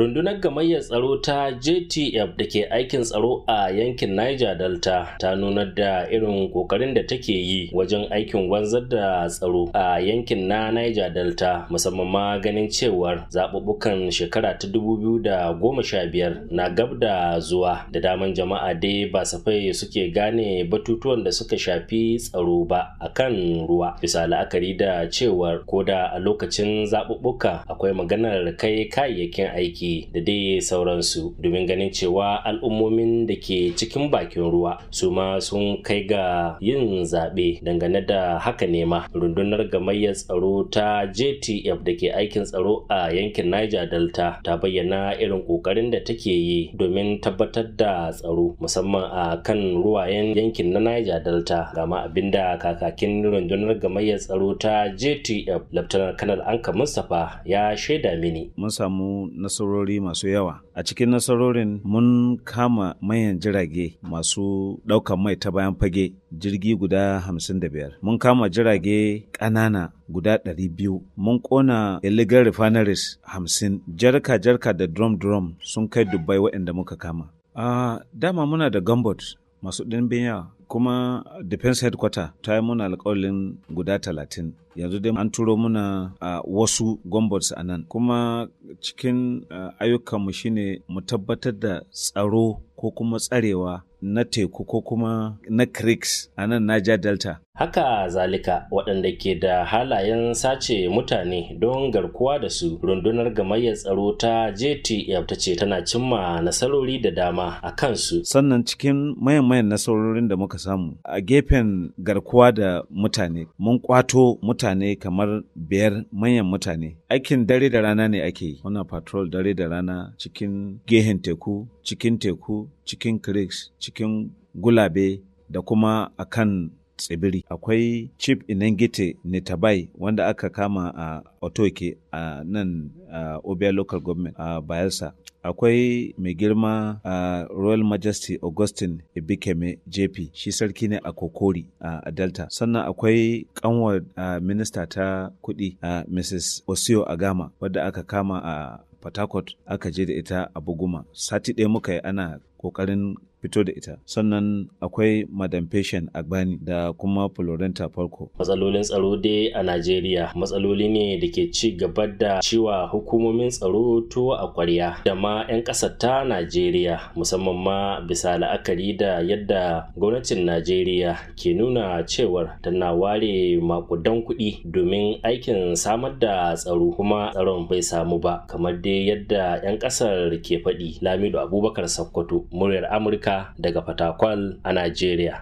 Rundunar gamayyar tsaro ta JTF da ke aikin tsaro a yankin Niger Delta ta nunar da irin kokarin da take yi wajen aikin wanzar da tsaro a yankin na Niger Delta musamman ma ganin cewar zaɓuɓɓukan shekara ta 2015 na gab da zuwa da daman jama'a dai ba safai suke gane batutuwan da suka shafi tsaro ba a kan ruwa bisa la'akari da cewar ko da a lokacin zaɓuɓɓuka akwai maganar kai kayayyakin aiki ciki da dai sauransu domin ganin cewa al'ummomin da ke cikin bakin ruwa su ma sun kai ga yin zaɓe dangane da haka nema rundunar gamayyar tsaro ta jtf da ke aikin tsaro a yankin niger delta ta bayyana irin ƙoƙarin da take yi domin tabbatar da tsaro musamman a kan ruwayen yankin na niger delta gama abinda kakakin rundunar gamayyar tsaro ta jtf laftanar kanal anka mustapha ya shaida mini mun samu nasarar nasarori masu yawa. A cikin nasarorin mun kama manyan jirage masu ɗaukan mai ta bayan fage jirgi guda 55. Mun kama jirage ƙanana guda 200. Mun ƙona illegal refineries 50. Jarka-jarka da drum-drum sun kai dubbai waɗanda muka kama. Uh, dama muna da gambot masu ɗimbin yawa kuma defense headquarter ta yi muna alƙawalin guda talatin yanzu dai an turo muna a wasu gombots a nan kuma cikin ayyukanmu shine mu tabbatar da tsaro ko kuma tsarewa na teku ko kuma na creeks a nan Niger Delta. Haka zalika waɗanda ke da halayen sace mutane don garkuwa da su rundunar gamayyar tsaro ta JTF ta ce tana cimma nasarori da dama a kansu. Sannan cikin mayan-mayan nasarorin da muka samu a gefen garkuwa da mutane mun kwato mutane kamar biyar manyan mutane. Aikin dare da rana ne ake yi. Muna patrol dare da rana cikin gehen teku, cikin teku, cikin creeks, cikin cikin gulabe da kuma akan tsibiri akwai chief inengite nitabai wanda aka kama a otoke a nan a obia local government a bayelsa akwai mai girma a royal majesty augustine ibikeme jp shi sarki ne a kokori a delta sannan akwai kanwar minista ta kudi a mrs osio agama wadda aka kama a Port Harcourt aka je da ita a Buguma. Sati ɗaya muka yi ana ƙoƙarin fito da ita sannan akwai madam patient agbani da kuma florenta falco matsalolin tsaro dai a najeriya matsaloli ne da ke ci gaba da ciwa hukumomin tsaro to a kwarya da ma 'yan ƙasar ta najeriya musamman ma bisa la'akari da yadda gwamnatin najeriya ke nuna cewar tana ware makudan kuɗi domin aikin samar da tsaro kuma tsaron bai samu ba kamar dai yadda 'yan ƙasar ke faɗi lamido abubakar sakkwato muryar amurka daga Fatakwal a Najeriya.